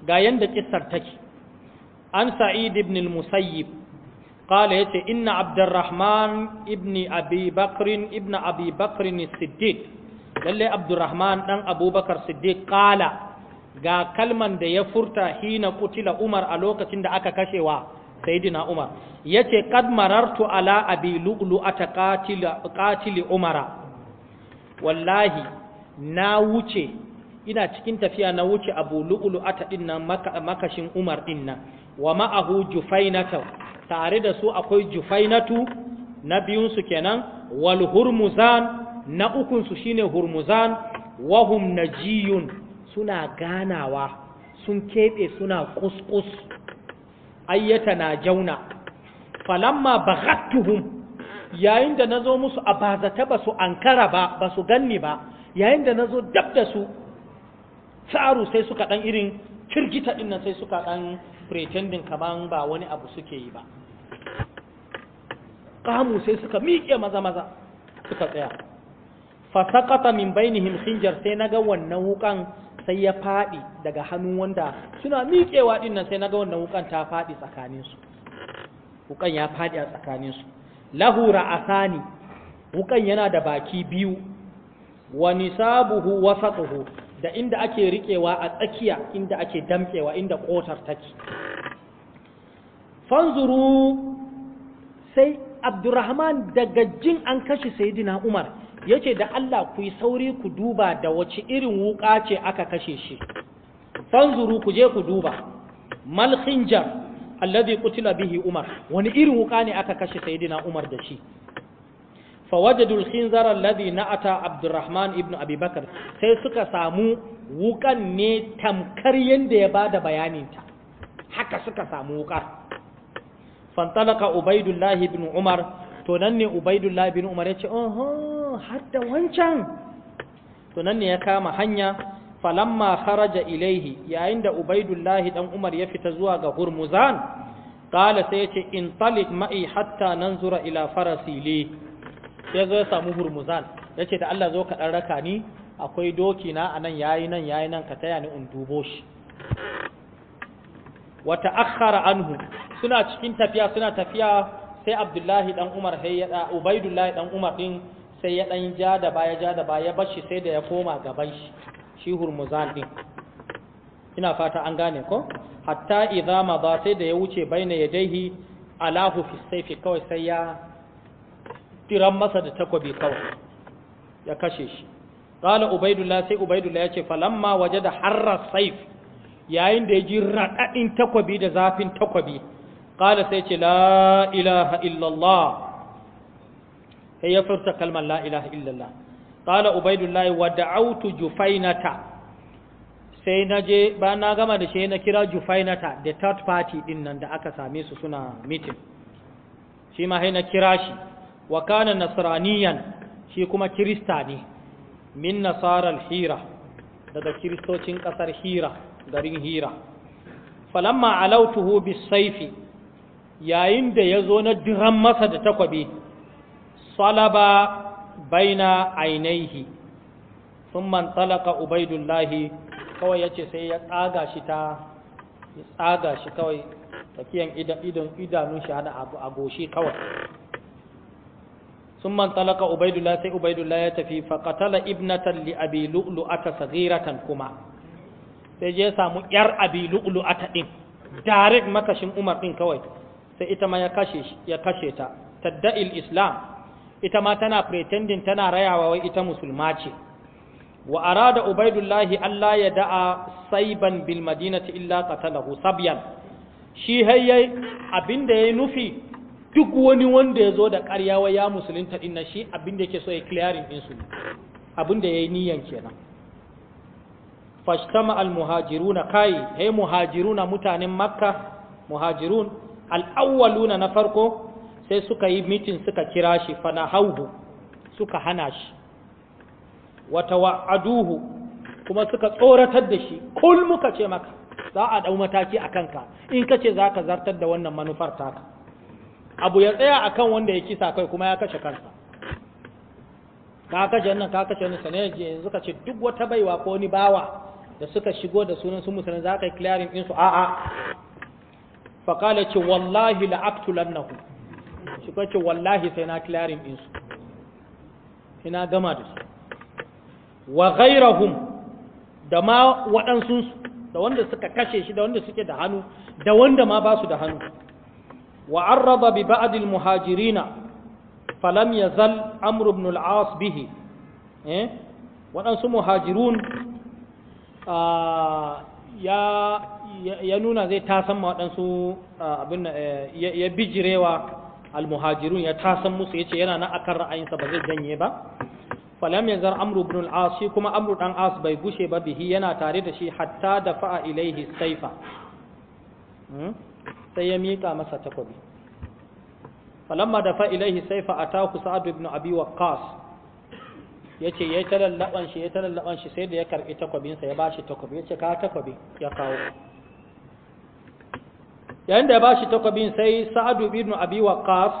ga yanda ƙisar take an sa'id ibn musayyib qala yace inna abdurrahman ibn abi ibn abi bakr lallai siddiq lalle abdurrahman dan abubakar siddiq qala ga kalman da ya furta hina kutila umar a lokacin da aka kashewa Saidina umar yace qad marartu ala abi lu'lu ataqatila qatili umara wallahi na wuce ina cikin tafiya na wuce abu lu'ulu ata din nan makashin umar din nan wa ma'ahu jufainatu tare da su akwai jufainatu na biyun su kenan wal hurmuzan na ukun su shine hurmuzan wahum najiyun suna ganawa sun keɓe suna kuskus ayyata na jauna falamma baghattuhum yayin da nazo musu a bazata ba su ankara ba ba su ganni ba yayin da nazo dab da su tsaro sai suka ɗan irin kirgita ɗin nan sai suka ɗan pretending kaman ba wani abu suke yi ba kamu sai suka miƙe maza maza suka tsaya fasakata min bainihim khinjar sai naga wannan wukan sai ya faɗi daga hannun wanda suna miƙewa ɗin nan sai naga wannan wukan ta faɗi tsakaninsu wukan ya faɗi a tsakaninsu lahu ra'asani wukan yana da baki biyu wa nisabuhu wasatuhu da inda ake riƙewa a tsakiya inda ake damƙewa inda ƙotar take fanzuru sai abdurrahman daga jin an kashe sayidina umar yace da allah ku yi sauri ku duba da wace irin wuƙa ce aka kashe shi fanzuru ku je ku duba malhinjar alladhi qutila bihi umar wani irin wuƙa ne aka kashe sayidina umar da shi fawajadul khinzara alladhi na'ata abdurrahman ibn abi sai suka samu wukan ne tamkar yanda ya bada bayanin ta haka suka samu wukar fantalaka ubaidullah ibn umar to nan ne ubaidullah ibn umar yace oho hadda wancan to nan ne ya kama hanya falamma kharaja ilaihi yayin da ubaidullah dan umar ya fita zuwa ga hurmuzan qala sai yace intalik ma'i hatta nanzura ila farasi li ya zo ya samu hurmuzan ya ce da Allah zo ka ɗan raka ni akwai doki na a nan yayi nan yayi nan ka taya ni in dubo shi wa ta'akhkhara anhu suna cikin tafiya suna tafiya sai Abdullahi dan Umar sai ya Ubaidullahi dan Umar din sai ya dan ja da baya ja da baya bashi sai da ya koma gaban shi shi hurmuzan din ina fata an gane ko hatta idza ma ba sai da ya wuce baina yadaihi alahu fi sayfi kawai sai ya tiran masa da takobi kawai ya kashe shi ƙala ubaidullah sai ubaidullah yace falamma da harra saif yayin da ya yaji radadin takobi da zafin takobi ƙala sai ce la ilaha illallah sai ya furta kalmar la ilaha illallah ƙala ubaidullah wa da'awtu jufainata sai na je ba na gama da shi na kira jufainata da third party din nan da aka same su suna meeting shi ma sai na kira shi wa kana nasraniyan shi kuma kirista ne min nasarar hira daga kiristocin ƙasar hira garin hira falamma alautuhu bisaifi yayin da ya zo na diran masa da takwabi salaba baina ainihi sun man tsalaka ubaidullahi kawai yace sai ya tsaga shi ta tsaga shi kawai tafiyan idanun shi hada a goshi kawai ثم انطلق عبيد الله ya tafi الله يتفي li ابنة لأبي لؤلؤة صغيرة kuma sai je samu yar abi lu'lu'ata din direct makashin Umar din kawai sai ita ma ya kashe ya kashe ta tadda'il islam ita ma tana pretending tana rayawa wai ita musulma ce wa arada ubaidullah Allah ya da'a saiban bil madinati illa qatalahu sabyan shi hayyai abinda yayi nufi duk wani wanda ya zo da ƙaryawa ya musulunta ɗin shi abin da ke so ya clearing ɗinsu abin da ya yi niyan kenan fashtama al-muhajiruna kai hey muhajiruna mutanen makka muhajirun al-awwaluna na farko sai suka yi mitin suka kira shi fana hauhu suka hana shi wata wa'aduhu kuma suka tsoratar da shi kul muka ce maka za a ɗau mataki a kanka in ka ce za ka zartar da wannan manufar taka abu ya tsaya a kan wanda ya kisa kai kuma ya kashe kansa ka kashe nan, ka kashe wannan sanar yanzu ka ce duk wata baiwa ko wani bawa da suka shigo da sunan su musulun za ka yi clearing ɗinsu a'a faƙala ce wallahi la'abtulan na ku shi kuma ce wallahi sai na clearing ɗinsu ina gama da su wa ghairahum da ma waɗansu da wanda suka kashe shi da wanda suke da hannu da wanda ma ba su da hannu وعرض ببعض المهاجرين فلم يزل عمرو بن العاص به إيه؟ waɗansu muhajirun ya nuna zai tasan ma waɗansu abin ya bijirewa almuhajirun ya tasan musu ya ce yana na akan ra'ayinsa ba zai janye ba falam yanzu amru ibn al-as shi kuma amru dan as bai bushe ba bihi yana tare da shi hatta da fa'a ilaihi sai ya miƙa masa takobi falamma da fa'ilaihi sai fa'ataku sa'ad ibn abi waqqas yace yayi ta lallaban shi yayi ta lallaban shi sai da ya karbi takobin sa ya bashi takobi yace ka takobi ya kawo yayin da ya bashi takobin sai sa'ad ibn abi waqqas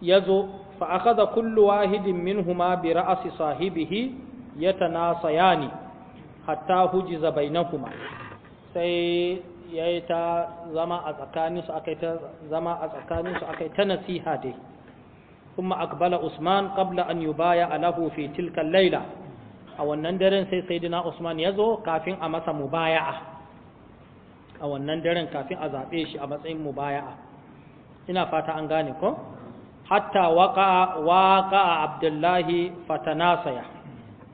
yazo fa akhadha kullu wahidin minhuma bi ra'si sahibihi yatanasayani hatta hujiza bainahuma sai ya yi ta zama a tsakaninsu aka yi ta zama a tsakaninsu aka yi ta nasiha dai kuma akbala usman qabla an yubaya alahu fi tilka laila a wannan daren sai sayyidina usman ya zo kafin a masa mubaya'a a wannan daren kafin a zabe shi a matsayin mubaya'a ina fata an gane ko hatta waqa waqa abdullahi fatanasaya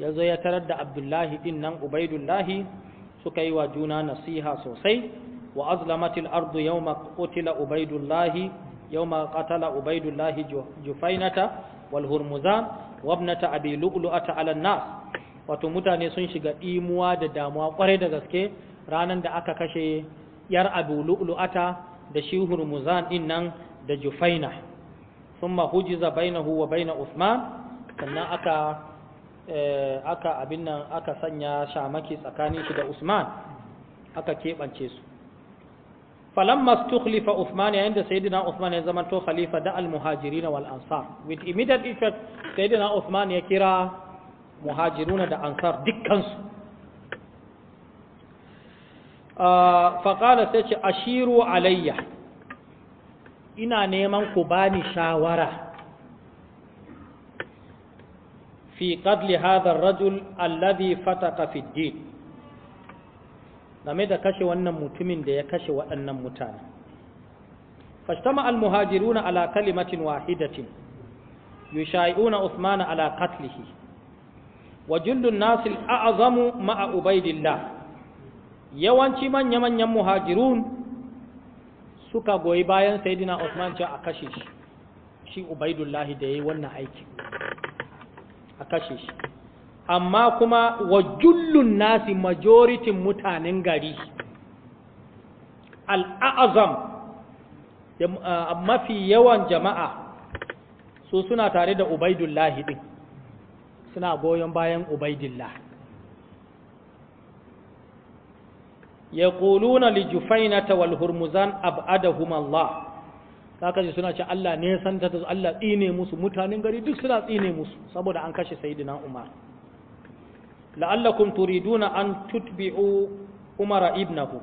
yazo ya tarar da abdullahi din nan ubaidullahi suka yi wa juna nasiha sosai wa azlamatil ardu yawma qutila ubaidullahi yawma qatala ubaidullahi jufainata wal hurmuzan wa ibnata abi lu'lu'ata ala nas wato mutane sun shiga imuwa da damuwa kwarai da gaske ranan da aka kashe yar abu lu'lu'ata da shi hurmuzan din nan da jufaina thumma hujiza bainahu wa baina usman sannan aka Eh, aka abin nan aka sanya shamaki tsakanin shi da Usman aka keɓance su falamma stukhlifa usman yayin da sayyidina Usman ya zama to khalifa da al-muhajirin wal ansar with immediate effect sayyidina Usman ya kira muhajiruna da ansar dukkansu. su ah, faqala sai ce ashiru alayya ina neman ku bani shawara fi qatli hadha ar-rajul alladhi fataka fi din game da kashe wannan mutumin da ya kashe waɗannan mutane fashtama al-muhajiruna ala kalimatin wahidatin yushai'una Uthmana ala qatlihi wa jundun nas al-a'zamu ma'a ubaidillah yawanci manya manyan muhajirun suka goyi bayan saidina Usman cewa a kashe shi shi ubaidullahi da yayi wannan aiki a kashe shi amma kuma wa jullun nasi majoritin mutanen gari al'azam mafi yawan jama'a su suna tare da ubaidullahi ɗin suna goyon bayan ubaidillah ya ƙuluna lijufainata wal hurmuzan ab'adahum Allah ka suna ce Allah ne ya santa da Allah tsine musu mutanen gari duk suna tsine musu saboda an kashe sayyidina Umar la'allakum turiduna an tutbi'u Umar ibnahu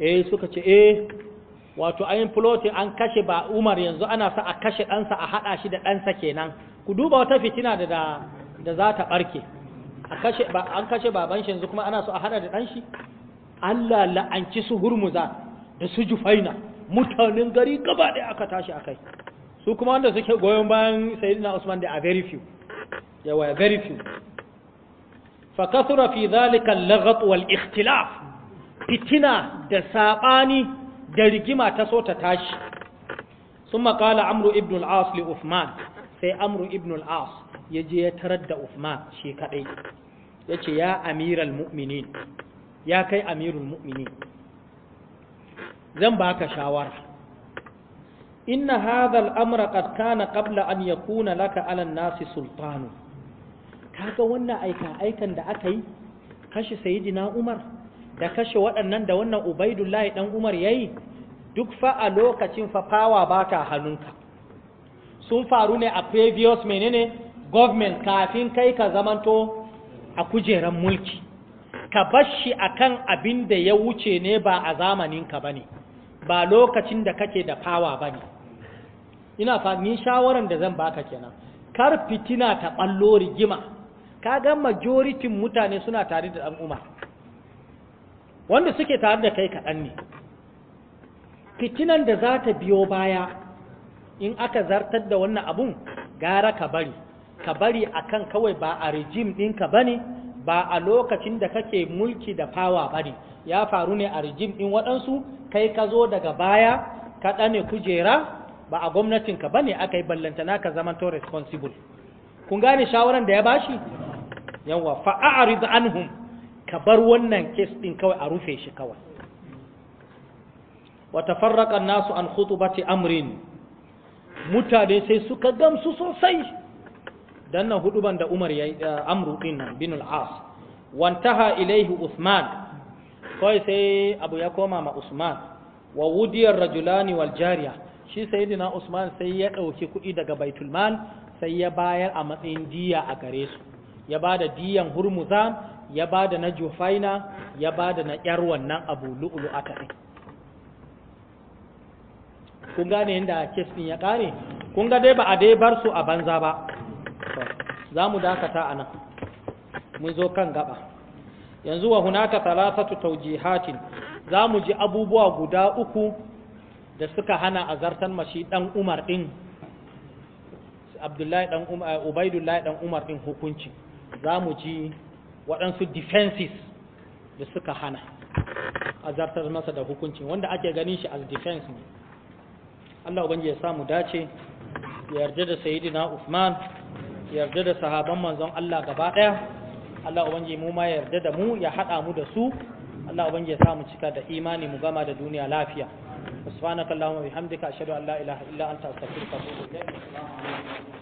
eh suka ce eh wato ayin plot an kashe ba Umar yanzu ana sa a kashe sa a haɗa shi da sa kenan ku duba wata fitina da da za ta ba an kashe baban shi yanzu kuma ana so a haɗa da ɗan shi Allah la'anci su hurmuza da su jufaina mutanen gari gaba ɗaya aka tashi akai su kuma wanda suke goyon bayan sayyidina Usman da a very few yawa very few fa kasura fi dhalika al-laghat wal ikhtilaf fitina da sabani da rigima ta so ta tashi summa qala amru ibn al-as li Uthman sai amru ibn al-as yaje ya tarar da Uthman shi kadai yace ya amiral mu'minin ya kai amirul mu'minin zan baka shawara inna hadha al-amra qad kana qabla an yakuna laka 'ala an-nasi sultanu kaga wannan aika aikan da aka yi kashe sayyidina Umar da kashe waɗannan da wannan Ubaidullah dan Umar yayi duk fa a lokacin fa fawa baka hannunka sun faru ne a previous menene government kafin kai ka zamanto a kujeran mulki ka bashi akan abin da ya wuce ne ba a zamaninka bane ba lokacin da kake da fawa ba ne ina fa ni shawaran da zan baka kenan kar fitina ta ballo rigima kaga majoritin mutane suna tare da umar wanda suke tare da kai kaɗan ne fitinan da za ta biyo baya in aka zartar da wannan abun gara ka bari ka bari akan kawai ba a rijim ɗinka ba ne ba a lokacin da kake mulki da fawa bane ya faru ne a rijim ɗin waɗansu kai ka zo daga baya ka ɗane kujera ba a gwamnatinka ba ne aka yi ballantana ka zama to responsible kun gane shawaran da ya bashi yawa fa'a'arid anhum ka bar wannan kes ɗin kawai a rufe shi kawai wata farraƙa nasu an ce amrin mutane sai suka gamsu sosai dan nan huduban da Umar ya eh, amru din bin al-As wantaha ilaihi Usman, kai sai abu ya koma ma Uthman wa wudiyar rajulani wal jariya shi sayyidina Usman sai ya dauki kuɗi daga Baitul Mal sai ya bayar a matsayin diya a gare su ya bada diyan hurmuza, ya bada na Jufaina ya bada na ƴar wannan Abu Lu'lu aka kun gane yadda kes ɗin ya kare? kun ga dai ba a dai bar su a banza ba za mu dakata a nan mun zo kan gaba yanzu wa hunaka talatatu tawjihatin za mu ji abubuwa guda uku da suka hana azartan mashi dan Umar din Abdullahi dan Umar eh, Ubaidullahi dan Umar din hukunci za mu ji waɗansu defenses da suka hana azartar masa da hukunci wanda ake ganin shi as defense ne Allah ubangiji ya samu dace ya yarda da sayyidina Uthman yarda da sahaban manzon Allah gaba ɗaya Allah ubangiji mu ma yarda da mu ya hada mu da su Allah ubangiji ya sa mu cika da imani mu gama da duniya lafiya subhanakallahumma bihamdika ashhadu an la ilaha illa anta astaghfiruka wa atubu ilaik